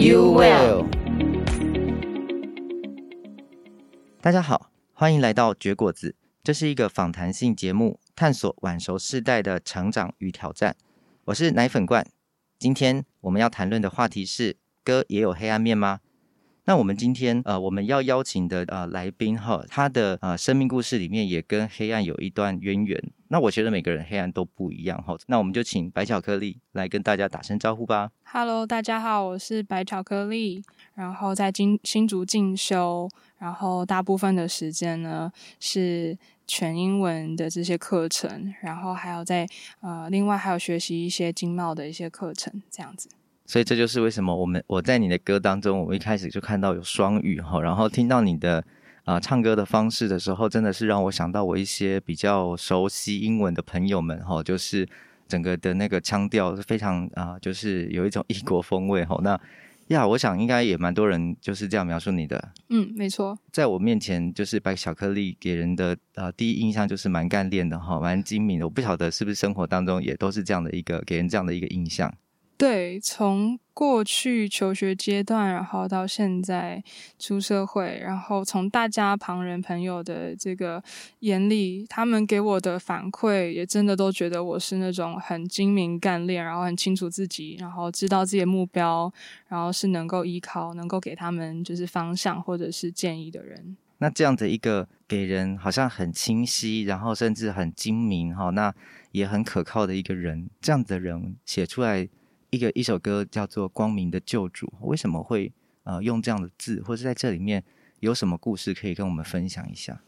You will。大家好，歡迎來到絕果子，這是一個訪談性節目，探索晚熟世代的成長與挑戰。我是奶粉罐，今天我們要談論的話題是：歌也有黑暗面嗎？那我們今天呃，我們要邀請的呃來賓哈，他的呃生命故事裡面也跟黑暗有一段淵源。那我覺得每個人黑暗都不一樣哈，那我們就請白巧克力來跟大家打聲招呼吧。Hello，大家好，我是白巧克力，然後在新竹進修，然後大部分的時間呢是全英文的這些課程，然後還有在呃，另外還有學習一些經貿的一些課程這樣子。所以這就是為什麼我們我在你的歌當中，我一開始就看到有雙語哈，然後聽到你的。啊、呃，唱歌的方式的時候，真的是讓我想到我一些比較熟悉英文的朋友們哈，就是整個的那個腔調是非常啊、呃，就是有一種異國風味哈。那呀，我想應該也蠻多人就是這樣描述你的。嗯，沒錯，在我面前就是白巧克力給人的啊、呃、第一印象就是蠻幹練的哈，蠻精明的。我不曉得是不是生活當中也都是這樣的一個給人這樣的一個印象？對，從過去求學階段，然後到現在出社會，然後從大家旁人朋友的這個眼裡，他們給我的反饋也真的都覺得我是那種很精明幹練，然後很清楚自己，然後知道自己的目標，然後是能夠依靠，能夠給他們就是方向或者是建議的人。那這樣的一個給人好像很清晰，然後甚至很精明哈、哦，那也很可靠的一個人，這樣的人寫出來。一個一首歌叫做《光明的救主》，為什麼會呃用這樣的字，或者是在這裡面有什麼故事可以跟我們分享一下？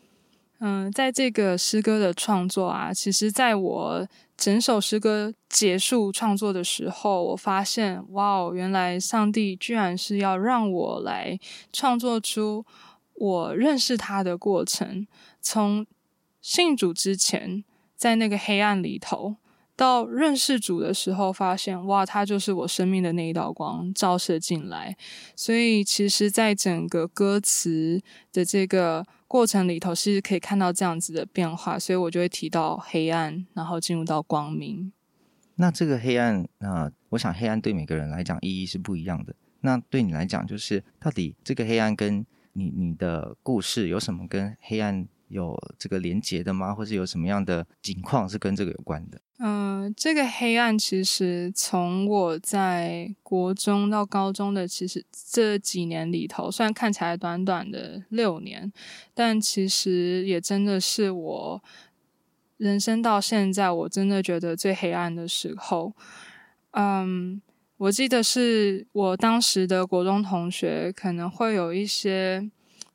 嗯、呃，在這個詩歌的創作啊，其實在我整首詩歌結束創作的時候，我發現，哇哦，原來上帝居然是要讓我來創作出我認識他的過程，從信主之前，在那個黑暗裡頭。到認識主的時候，發現哇，他就是我生命的那一道光，照射進來。所以，其實，在整個歌詞的這個過程裡頭，是可以看到這樣子的變化。所以我就會提到黑暗，然後進入到光明。那這個黑暗，那、呃、我想，黑暗對每個人來講意義是不一樣的。那對你來講，就是到底這個黑暗跟你你的故事有什麼跟黑暗？有這個連結的嗎？或是有什麼樣的情況是跟這個有關的？嗯、呃，這個黑暗其實從我在國中到高中的其實這幾年裡頭，雖然看起來短短的六年，但其實也真的是我人生到現在我真的覺得最黑暗的時候。嗯，我記得是我當時的國中同學可能會有一些。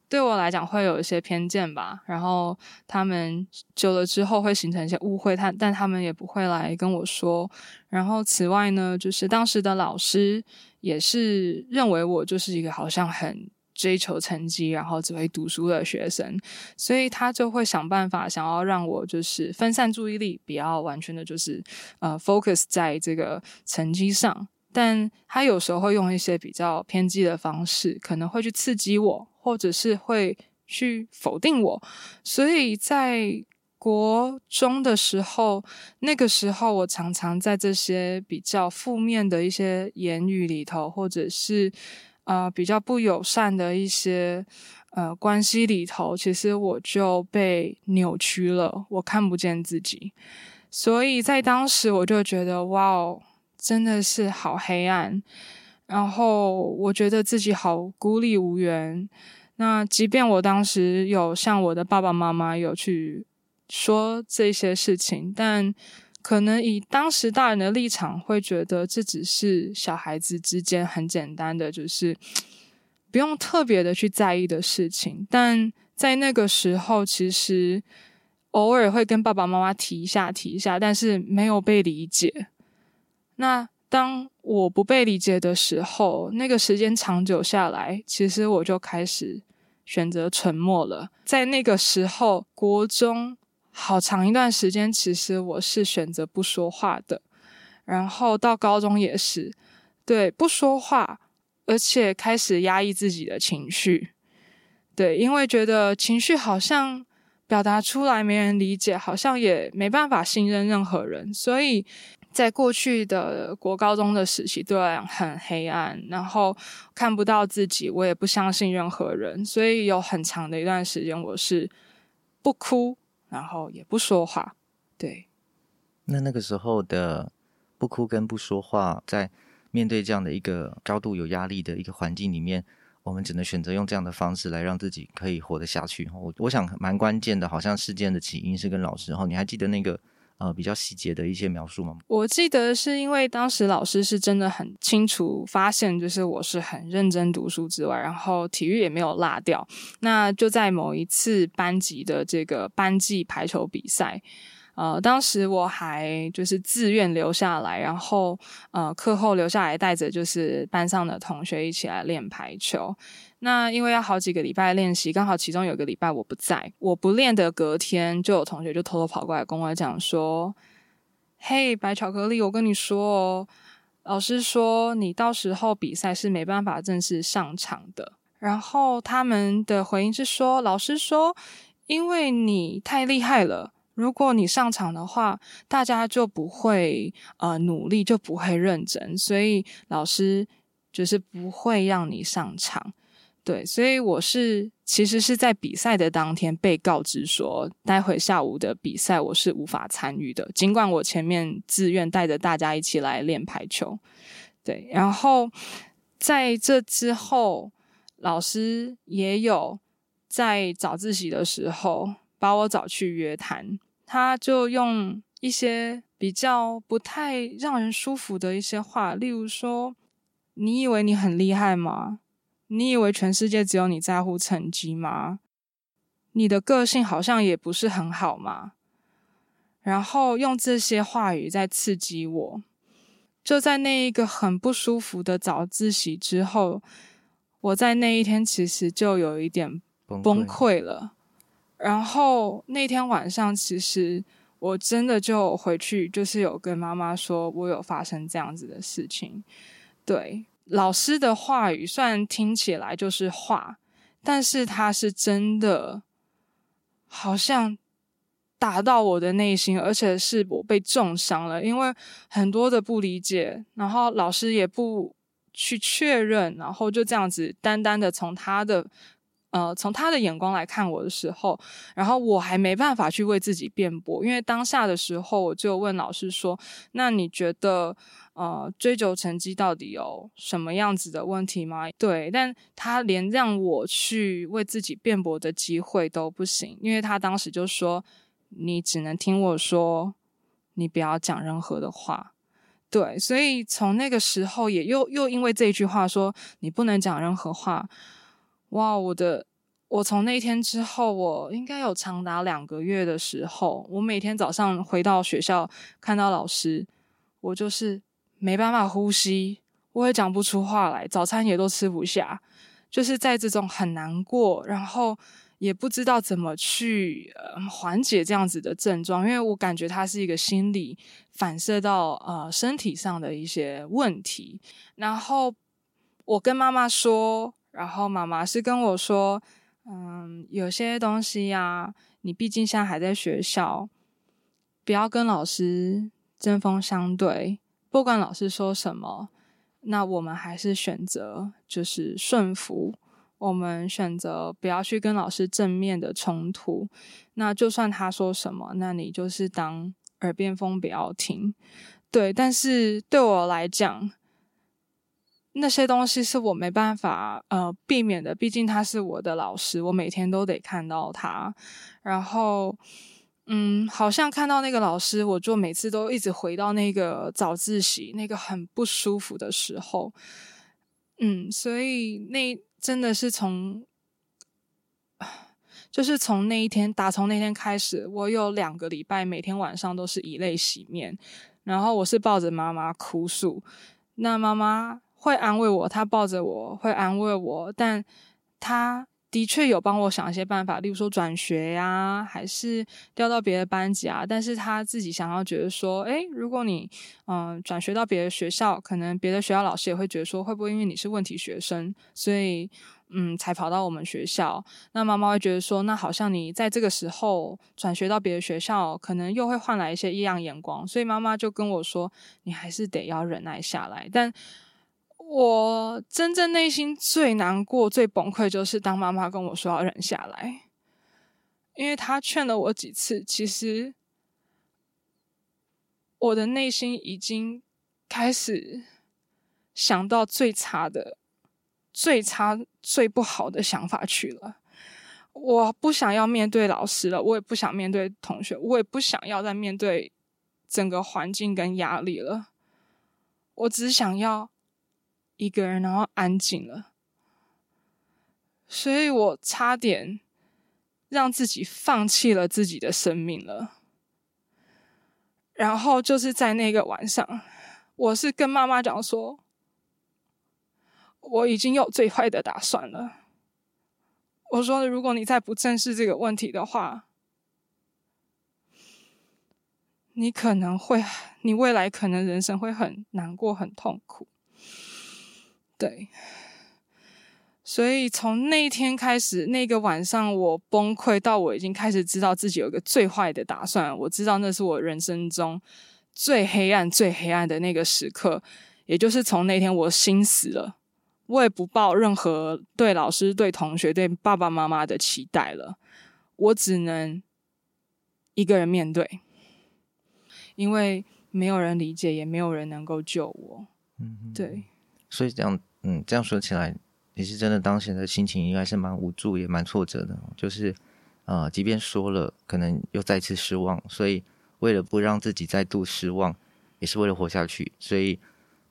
對我來講會有一些偏見吧，然後他們久了之後會形成一些誤會，他但他們也不會來跟我說。然後此外呢，就是當時的老師也是認為我就是一個好像很追求成績，然後只會讀書的學生，所以他就會想辦法想要讓我就是分散注意力，比較完全的就是呃 focus 在這個成績上。但他有時候會用一些比較偏激的方式，可能會去刺激我，或者是會去否定我。所以在國中的時候，那個時候我常常在這些比較負面的一些言語裡頭，或者是啊、呃、比較不友善的一些呃關係裡頭，其實我就被扭曲了，我看不見自己。所以在當時我就覺得，哇哦。真的是好黑暗，然後我覺得自己好孤立無援。那即便我當時有向我的爸爸媽媽有去說這些事情，但可能以當時大人的立場，會覺得這只是小孩子之間很簡單的，就是不用特別的去在意的事情。但在那個時候，其實偶爾會跟爸爸媽媽提一下、提一下，但是沒有被理解。那當我不被理解的時候，那個時間長久下來，其實我就開始選擇沉默了。在那個時候，國中好長一段時間，其實我是選擇不說話的。然後到高中也是，對，不說話，而且開始壓抑自己的情緒，對，因為覺得情緒好像表達出來沒人理解，好像也沒辦法信任任何人，所以。在過去的國高中的時期，對，很黑暗，然後看不到自己，我也不相信任何人，所以有很長的一段時間，我是不哭，然後也不說話，對。那那個時候的不哭跟不說話，在面對這樣的一個高度有壓力的一個環境裡面，我們只能選擇用這樣的方式來讓自己可以活得下去。我我想蠻關鍵的，好像事件的起因是跟老師，然後你還記得那個？呃，比較細節的一些描述嗎？我記得是因為當時老師是真的很清楚發現，就是我是很認真讀書之外，然後體育也沒有落掉。那就在某一次班級的這個班級排球比賽。呃，當時我還就是自願留下來，然後呃，課後留下來帶着就是班上的同學一起來練排球。那因為要好幾個禮拜練習，剛好其中有個禮拜我不在，我不練的隔天就有同學就偷偷跑過來跟我講說：“嘿，白巧克力，我跟你說哦，老師說你到時候比賽是沒辦法正式上場的。”然後他們的回應是說：“老師說因為你太厲害了。”如果你上場的話，大家就不會呃努力，就不會認真，所以老師就是不會讓你上場。對，所以我是其實是在比賽的當天被告知說，待會下午的比賽我是無法參與的，儘管我前面自願帶着大家一起來練排球。對，然後在這之後，老師也有在早自習的時候把我找去約談。他就用一些比較不太讓人舒服的一些話，例如說：“你以為你很厲害嗎？你以為全世界只有你在乎成績嗎？你的個性好像也不是很好嘛。”然後用這些話語在刺激我。就在那一個很不舒服的早自習之後，我在那一天其實就有一點崩潰了。然後那天晚上，其實我真的就回去，就是有跟媽媽說，我有發生這樣子的事情。對，老師的話語雖然聽起來就是話，但是他是真的好像打到我的內心，而且是我被重傷了，因為很多的不理解，然後老師也不去確認，然後就這樣子單單的從他的。呃，從他的眼光來看我的時候，然後我還沒辦法去為自己辯駁，因為當下的時候，我就問老師說：“那你覺得，呃，追求成績到底有什麼樣子的問題嗎？”對，但他連讓我去為自己辯駁的機會都不行，因為他當時就說：“你只能聽我說，你不要講任何的話。”對，所以從那個時候也又又因為這句話說：“你不能講任何話。”哇！我的，我從那一天之後，我應該有長達兩個月的時候，我每天早上回到學校，看到老師，我就是沒辦法呼吸，我也講不出話來，早餐也都吃不下，就是在這種很難過，然後也不知道怎麼去、呃、緩解這樣子的症狀，因為我感覺它是一個心理反射到呃身體上的一些問題。然後我跟媽媽說。然後媽媽是跟我說：“嗯，有些東西呀、啊，你畢竟現在還在學校，不要跟老師針鋒相對。不管老師說什麼，那我們還是選擇就是順服。我們選擇不要去跟老師正面的衝突。那就算他說什麼，那你就是當耳邊風，不要聽。對，但是對我來講。”那些東西是我沒辦法呃避免的，畢竟他是我的老師，我每天都得看到他。然後，嗯，好像看到那個老師，我就每次都一直回到那個早自習那個很不舒服的時候。嗯，所以那真的是從，就是從那一天打從那天開始，我有兩個禮拜每天晚上都是以淚洗面，然後我是抱着媽媽哭訴，那媽媽。會安慰我，他抱着我會安慰我，但他的確有幫我想一些辦法，例如說轉學呀、啊，還是調到別的班級啊。但是他自己想要覺得說，誒，如果你嗯、呃、轉學到別的學校，可能別的學校老師也會覺得說，會不會因為你是問題學生，所以嗯才跑到我們學校？那媽媽會覺得說，那好像你在這個時候轉學到別的學校，可能又會換來一些異樣眼光。所以媽媽就跟我說，你還是得要忍耐下來。但我真正內心最難過、最崩潰，就是當媽媽跟我說要忍下來，因為她勸了我幾次。其實我的內心已經開始想到最差的、最差、最不好的想法去了。我不想要面對老師了，我也不想面對同學，我也不想要再面對整個環境跟壓力了。我只想要。一個人，然後安靜了，所以我差點讓自己放棄了自己的生命了。然後就是在那個晚上，我是跟媽媽講說：“我已經有最壞的打算了。”我說：“如果你再不正視這個問題的話，你可能會，你未來可能人生會很難過，很痛苦。”對，所以從那一天開始，那個晚上我崩潰到我已經開始知道自己有個最壞的打算。我知道那是我人生中最黑暗、最黑暗的那個時刻。也就是從那天，我心死了，我也不抱任何對老師、對同學、對爸爸媽媽的期待了。我只能一個人面對，因為沒有人理解，也沒有人能夠救我。嗯哼，對，所以這樣。嗯，這樣說起來，你是真的當時的心情應該是蠻無助，也蠻挫折的。就是，呃，即便說了，可能又再次失望，所以為了不讓自己再度失望，也是為了活下去，所以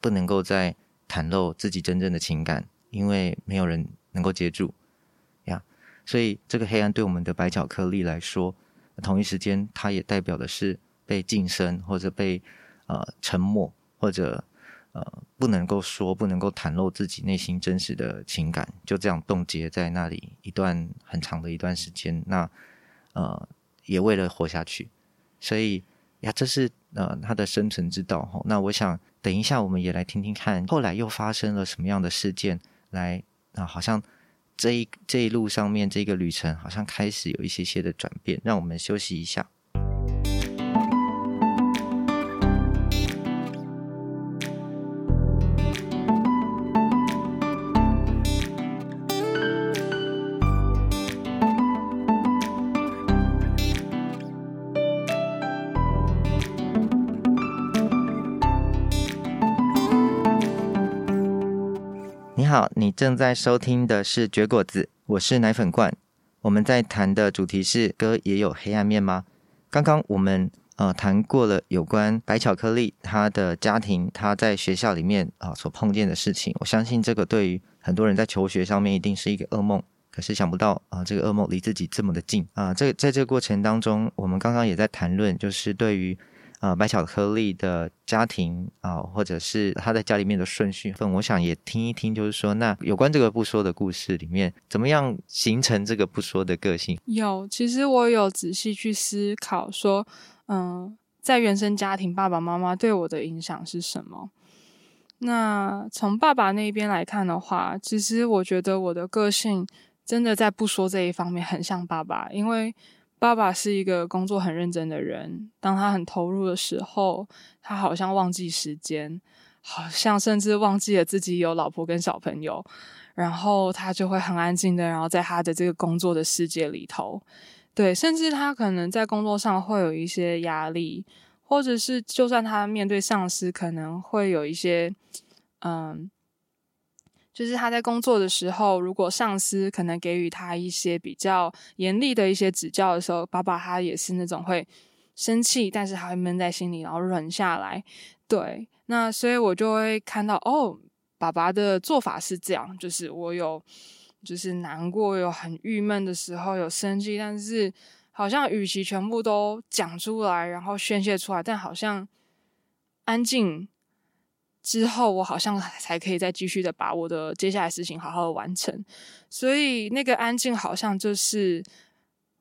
不能夠再袒露自己真正的情感，因為沒有人能夠接住呀。Yeah. 所以這個黑暗對我們的白巧克力來說，同一時間它也代表的是被噤聲或者被呃沉默或者。呃，不能夠說，不能夠袒露自己內心真實的情感，就這樣凍結在那裡一段很長的一段時間。那呃，也為了活下去，所以呀，這是呃他的生存之道哦。那我想等一下我們也來聽聽看，後來又發生了什麼樣的事件，來啊，好像這一這一路上面這個旅程好像開始有一些些的轉變。讓我們休息一下。你正在收聽的是絕果子，我是奶粉罐。我們在談的主題是：歌也有黑暗面嗎？剛剛我們呃談過了有關白巧克力他的家庭，他在學校裡面啊、呃、所碰見的事情。我相信這個對於很多人在求學上面一定是一個噩夢。可是想不到啊、呃，這個噩夢離自己這麼的近啊、呃！這在這個過程當中，我們剛剛也在談論，就是對於。呃，白巧克力的家庭啊、呃，或者是他在家裡面的順序分，我想也聽一聽，就是說，那有關這個不說的故事裡面，怎麼樣形成這個不說的個性？有，其實我有仔細去思考，說，嗯、呃，在原生家庭，爸爸媽媽對我的影響是什麼？那從爸爸那邊來看的話，其實我覺得我的個性真的在不說這一方面很像爸爸，因為。爸爸是一個工作很認真的人，當他很投入的時候，他好像忘記時間，好像甚至忘記了自己有老婆跟小朋友，然後他就會很安靜的，然後在他的這個工作的世界裡頭，對，甚至他可能在工作上會有一些壓力，或者是就算他面對上司，可能會有一些，嗯。就是他在工作的時候，如果上司可能給予他一些比較嚴厲的一些指教的時候，爸爸他也是那種會生氣，但是他會悶在心裡，然後忍下來。對，那所以我就會看到，哦，爸爸的做法是這樣，就是我有，就是難過，有很鬱悶的時候，有生氣，但是好像與其全部都講出來，然後宣洩出來，但好像安靜。之後，我好像才可以再繼續的把我的接下來的事情好好的完成。所以那個安靜，好像就是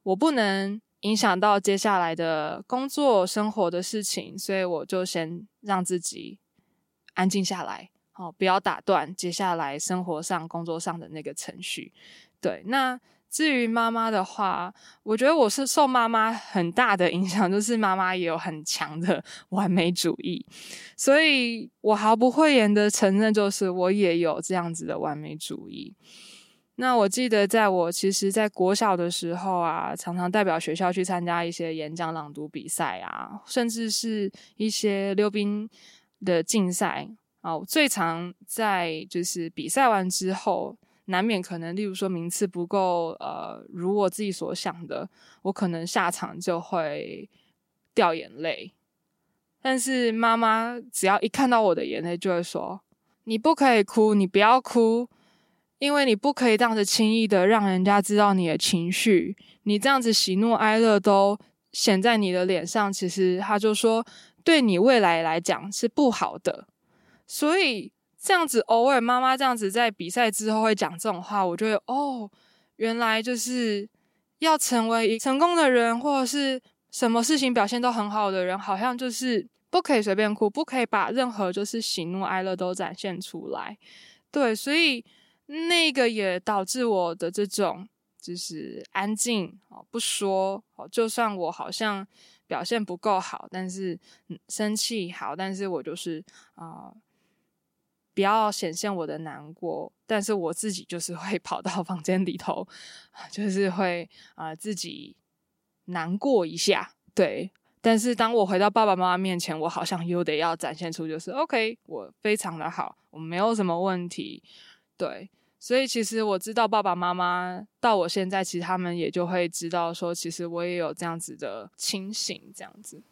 我不能影響到接下來的工作、生活的事情，所以我就先讓自己安靜下來，哦，不要打斷接下來生活上、工作上的那個程序。對，那。至於媽媽的話，我覺得我是受媽媽很大的影響，就是媽媽也有很強的完美主義，所以我毫不諱言的承認，就是我也有這樣子的完美主義。那我記得在我其實，在國小的時候啊，常常代表學校去參加一些演講、朗讀比賽啊，甚至是一些溜冰的競賽啊。我最常在就是比賽完之後。難免可能，例如說名次不夠，呃，如我自己所想的，我可能下場就會掉眼淚。但是媽媽只要一看到我的眼淚，就會說：“你不可以哭，你不要哭，因為你不可以這樣子輕易的讓人家知道你的情緒。你這樣子喜怒哀樂都顯在你的臉上，其實他就說對你未來來講是不好的。”所以。這樣子偶爾媽媽這樣子在比賽之後會講這種話，我覺得哦，原來就是要成為一個成功的人，或者是什麼事情表現都很好的人，好像就是不可以隨便哭，不可以把任何就是喜怒哀樂都展現出來。對，所以那個也導致我的這種就是安靜哦，不說哦，就算我好像表現不夠好，但是生氣好，但是我就是啊。呃不要顯現我的難過，但是我自己就是會跑到房間裡頭，就是會啊、呃、自己難過一下。對，但是當我回到爸爸媽媽面前，我好像又得要展現出就是 OK，我非常的好，我沒有什麼問題。對，所以其實我知道爸爸媽媽到我現在，其實他們也就會知道說，其實我也有這樣子的清醒這樣子。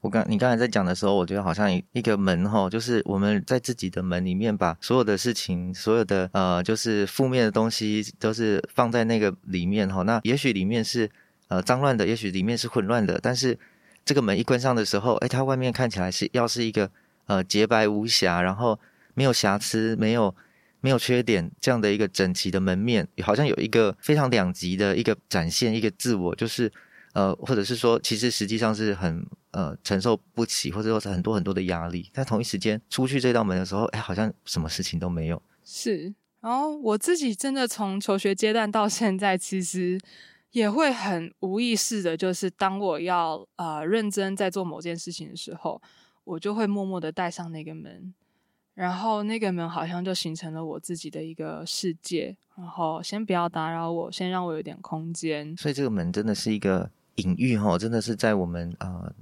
我剛你剛才在講的時候，我覺得好像一一個門吼、哦，就是我們在自己的門裡面把所有的事情、所有的呃，就是負面的東西，都是放在那個裡面哈、哦。那也許裡面是呃髒亂的，也許裡面是混亂的，但是這個門一關上的時候，哎，它外面看起來是要是一個呃潔白無瑕，然後沒有瑕疵、沒有沒有缺點這樣的一個整齊的門面，好像有一個非常兩極的一個展現，一個自我，就是。呃，或者是說，其實實際上是很呃承受不起，或者說是很多很多的壓力。但同一時間出去這道門的時候，哎，好像什麼事情都沒有。是，然後我自己真的從求學階段到現在，其實也會很無意識的，就是當我要啊、呃、認真在做某件事情的時候，我就會默默的帶上那個門，然後那個門好像就形成了我自己的一個世界。然後先不要打擾我，先讓我有點空間。所以這個門真的是一個。隱喻哦，真的是在我們呃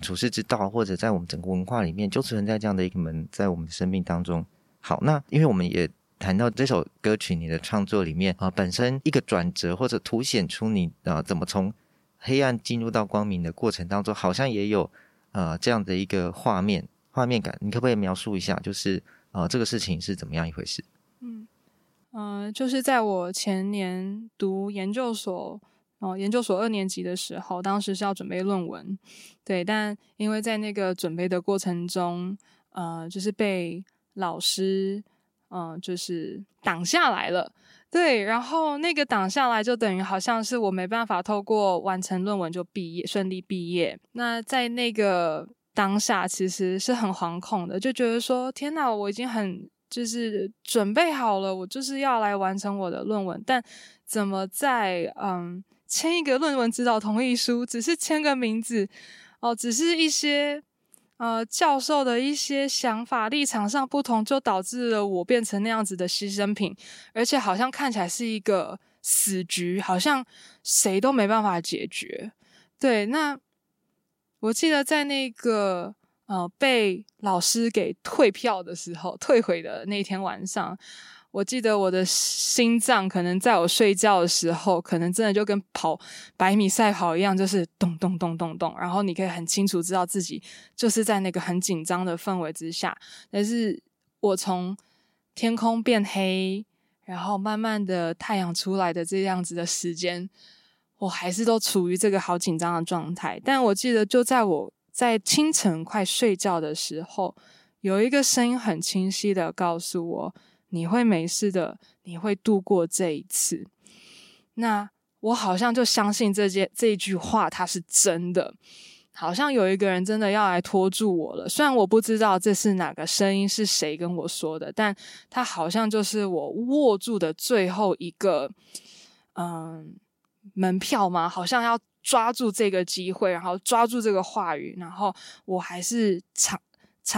處事之道，或者在我們整個文化裡面，就是、存在這樣的一個門，在我們的生命當中。好，那因為我們也談到這首歌曲，你的創作裡面啊、呃，本身一個轉折，或者凸顯出你啊、呃，怎麼從黑暗進入到光明的過程當中，好像也有呃這樣的一個畫面畫面感。你可不可以描述一下，就是啊、呃、這個事情是怎麼樣一回事？嗯嗯、呃，就是在我前年讀研究所。哦，研究所二年級的時候，當時是要準備論文，對，但因為在那個準備的過程中，呃，就是被老師，嗯、呃，就是擋下來了，對，然後那個擋下來就等於好像是我沒辦法透過完成論文就畢業，順利畢業。那在那個當下，其實是很惶恐的，就覺得說，天哪，我已經很就是準備好了，我就是要來完成我的論文，但怎麼在，嗯。簽一個論文指導同意書，只是簽個名字哦，呃，只是一些呃教授的一些想法立場上不同，就導致了我變成那樣子的犧牲品，而且好像看起來是一個死局，好像誰都沒辦法解決。對，那我記得在那個呃被老師給退票的時候，退回的那天晚上。我記得我的心臟可能在我睡覺的時候，可能真的就跟跑百米賽跑一樣，就是咚咚咚咚咚咚。然後你可以很清楚知道自己就是在那個很緊張的氛圍之下。但是我從天空變黑，然後慢慢的太陽出來的這樣子的時間，我還是都處於這個好緊張的狀態。但我記得，就在我在清晨快睡覺的時候，有一個聲音很清晰的告訴我。你會沒事的，你會度過這一次。那我好像就相信這些這句話，它是真的。好像有一個人真的要來拖住我了。雖然我不知道這是哪個聲音是誰跟我說的，但他好像就是我握住的最後一個嗯、呃、門票嗎？好像要抓住這個機會，然後抓住這個話語，然後我還是長。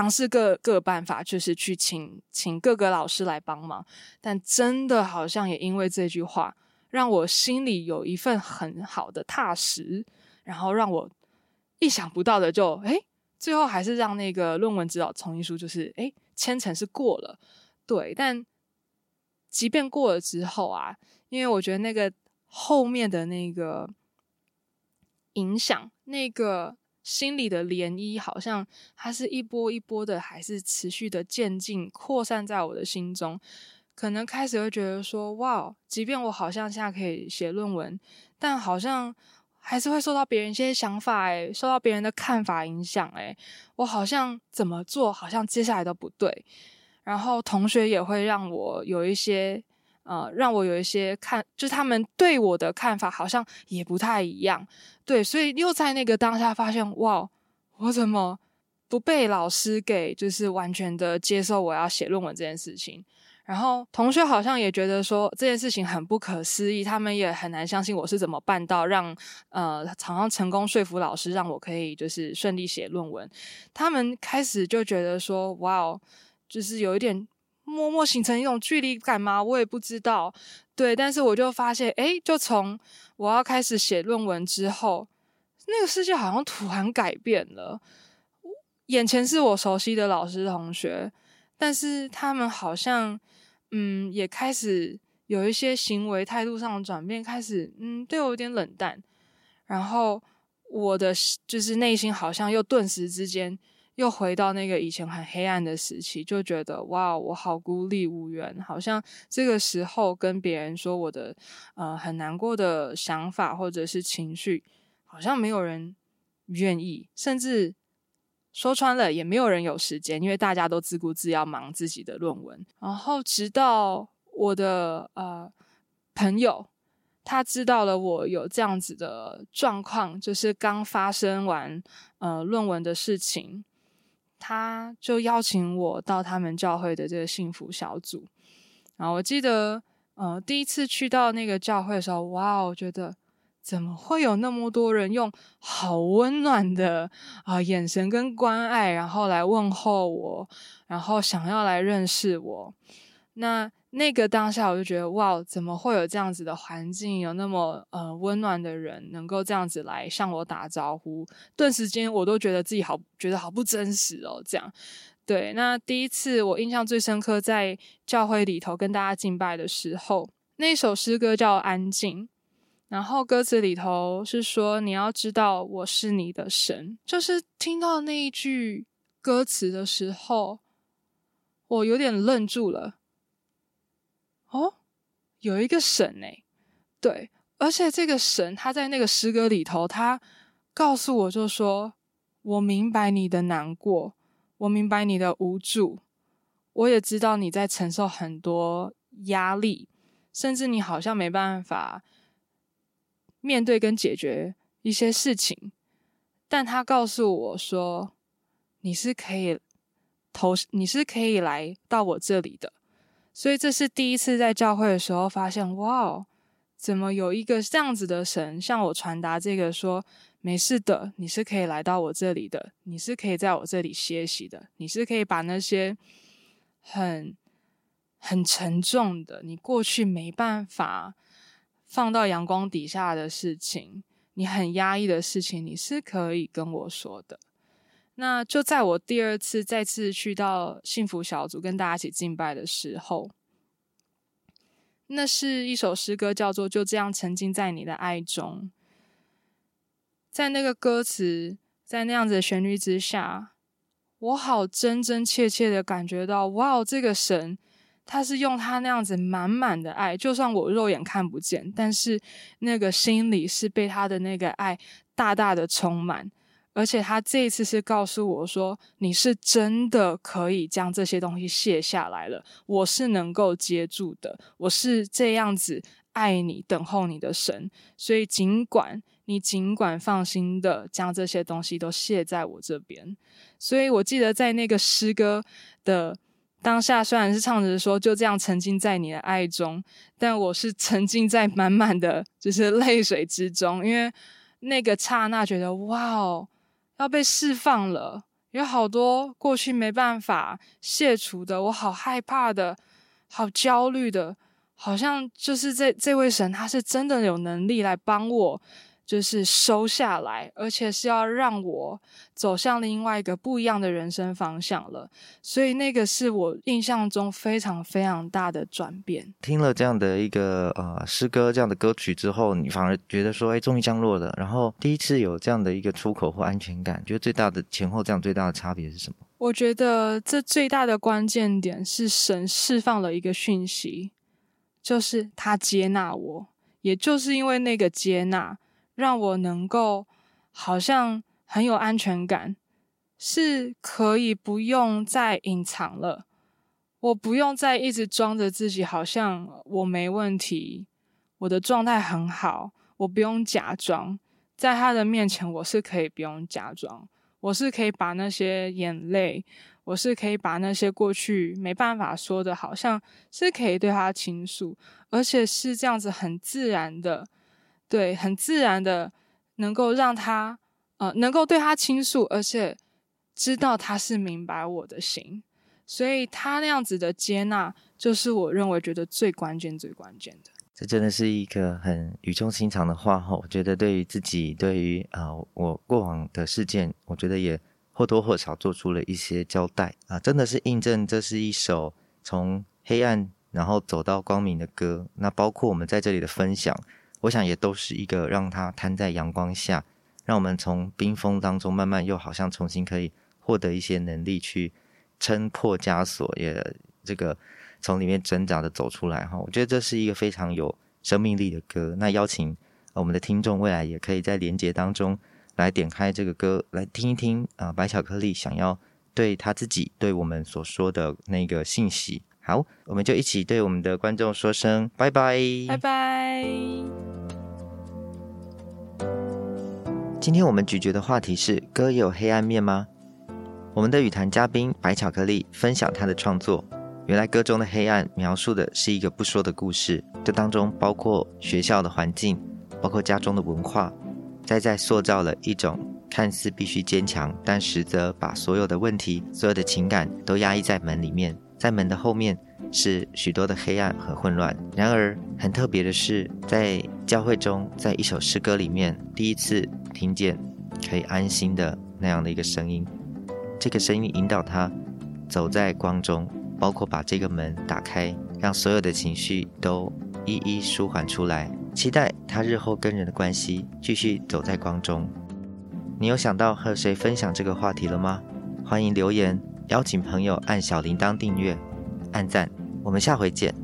嘗試各各辦法，就是去請請各個老師來幫忙，但真的好像也因為這句話，讓我心裡有一份很好的踏實，然後讓我意想不到的就，誒，最後還是讓那個論文指導重新說，就是誒，千層是過了，對，但即便過了之後啊，因為我覺得那個後面的那個影響，那個。心裡的漣漪好像它是一波一波的，還是持續的漸進擴散在我的心中。可能開始會覺得說：“哇，即便我好像現在可以寫論文，但好像還是會受到別人一些想法、欸、受到別人的看法影響。”哎，我好像怎麼做，好像接下來都不對。然後同學也會讓我有一些。呃，讓我有一些看，就是他們對我的看法好像也不太一樣，對，所以又在那個當下發現，哇，我怎麼不被老師給就是完全的接受我要寫論文這件事情？然後同學好像也覺得說這件事情很不可思議，他們也很難相信我是怎麼辦到讓呃，常常成功說服老師讓我可以就是順利寫論文。他們開始就覺得說，哇，就是有一點。默默形成一種距離感嗎？我也不知道。對，但是我就發現，誒，就從我要開始寫論文之後，那個世界好像突然改變了。眼前是我熟悉的老師同學，但是他們好像，嗯，也開始有一些行為態度上的轉變，開始，嗯，對我有點冷淡。然後我的就是內心好像又頓時之間。又回到那個以前很黑暗的時期，就覺得哇，我好孤立無援，好像這個時候跟別人說我的呃很難過的想法或者是情緒，好像沒有人願意，甚至說穿了也沒有人有時間，因為大家都自顧自要忙自己的論文。然後直到我的呃朋友，他知道了我有這樣子的狀況，就是剛發生完呃論文的事情。他就邀請我到他們教會的這個幸福小組，然後我記得，呃，第一次去到那個教會的時候，哇，我覺得怎麼會有那麼多人用好溫暖的啊、呃、眼神跟關愛，然後來問候我，然後想要來認識我。那那個當下，我就覺得哇，怎麼會有這樣子的環境？有那麼呃溫暖的人，能夠這樣子來向我打招呼，頓時間我都覺得自己好，覺得好不真實哦。這樣，對。那第一次我印象最深刻，在教會裡頭跟大家敬拜的時候，那首詩歌叫《安靜》，然後歌詞裡頭是說：“你要知道我是你的神。”就是聽到那一句歌詞的時候，我有點愣住了。哦，有一個神誒、欸，對，而且這個神他在那個詩歌裡頭，他告訴我就說：“我明白你的難過，我明白你的無助，我也知道你在承受很多壓力，甚至你好像沒辦法面對跟解決一些事情。”但他告訴我說：“你是可以投，你是可以來到我這裡的。”所以這是第一次在教會的時候發現，哇哦，怎麼有一個這樣子的神向我傳達這個說，沒事的，你是可以來到我這裡的，你是可以在我這裡歇息的，你是可以把那些很很沉重的，你過去沒辦法放到陽光底下的事情，你很壓抑的事情，你是可以跟我說的。那就在我第二次再次去到幸福小組跟大家一起敬拜的時候，那是一首詩歌，叫做《就這樣沉浸在你的愛中》。在那個歌詞，在那樣子的旋律之下，我好真真切切的感覺到，哇哦，這個神，他是用他那樣子滿滿的愛，就算我肉眼看不見，但是那個心裡是被他的那個愛大大的充滿。而且他這次是告訴我說：“你是真的可以將這些東西卸下來了，我是能夠接住的，我是這樣子愛你、等候你的神。”所以儘管你儘管放心的將這些東西都卸在我這邊。所以我記得在那個詩歌的當下，雖然是唱着說“就這樣沉浸在你的愛中”，但我是沉浸在滿滿的就是淚水之中，因為那個剎那覺得哇哦。要被釋放了，有好多過去沒辦法卸除的，我好害怕的，好焦慮的，好像就是這這位神，他是真的有能力來幫我。就是收下來，而且是要讓我走向另外一個不一樣的人生方向了。所以那個是我印象中非常非常大的轉變。聽了這樣的一個呃詩歌，這樣的歌曲之後，你反而覺得說：“哎、欸，終於降落了。”然後第一次有這樣的一個出口或安全感。覺得最大的前後這樣最大的差別是什麼？我覺得這最大的關鍵點是神釋放了一個訊息，就是他接納我，也就是因為那個接納。讓我能夠好像很有安全感，是可以不用再隱藏了。我不用再一直裝着自己，好像我沒問題，我的狀態很好。我不用假裝，在他的面前，我是可以不用假裝，我是可以把那些眼淚，我是可以把那些過去沒辦法說的，好像是可以對他傾訴，而且是這樣子很自然的。對，很自然的，能夠讓他呃，能夠對他傾訴，而且知道他是明白我的心，所以他那樣子的接納，就是我認為覺得最關鍵、最關鍵的。這真的是一個很語重心長的話哈，我覺得對於自己，對於啊、呃，我過往的事件，我覺得也或多或少做出了一些交代啊、呃，真的是印證這是一首從黑暗然後走到光明的歌。那包括我們在這裡的分享。我想也都是一個讓它攤在陽光下，讓我們從冰封當中慢慢又好像重新可以獲得一些能力去撐破枷鎖，也這個從裡面掙扎的走出來哈。我覺得這是一個非常有生命力的歌。那邀請我們的聽眾未來也可以在連結當中來點開這個歌來聽一聽啊、呃，白巧克力想要對他自己對我們所說的那個信息。好，我們就一起對我們的觀眾說聲拜拜，拜拜。拜拜。今天我們咀嚼的話題是：歌也有黑暗面嗎？我們的與談嘉賓白巧克力分享他的創作。原來歌中的黑暗描述的是一個不說的故事，這當中包括學校的環境，包括家中的文化，在在塑造了一種看似必須堅強，但實則把所有的問題、所有的情感都壓抑在門裡面。在門的後面是許多的黑暗和混亂。然而，很特別的是，在教會中，在一首詩歌裡面，第一次聽見可以安心的那樣的一個聲音。這個聲音引導他走在光中，包括把這個門打開，讓所有的情緒都一一舒緩出來。期待他日後跟人的關係繼續走在光中。你有想到和誰分享這個話題了嗎？歡迎留言。邀請朋友按小鈴鐺訂閱，按讚，我們下回見。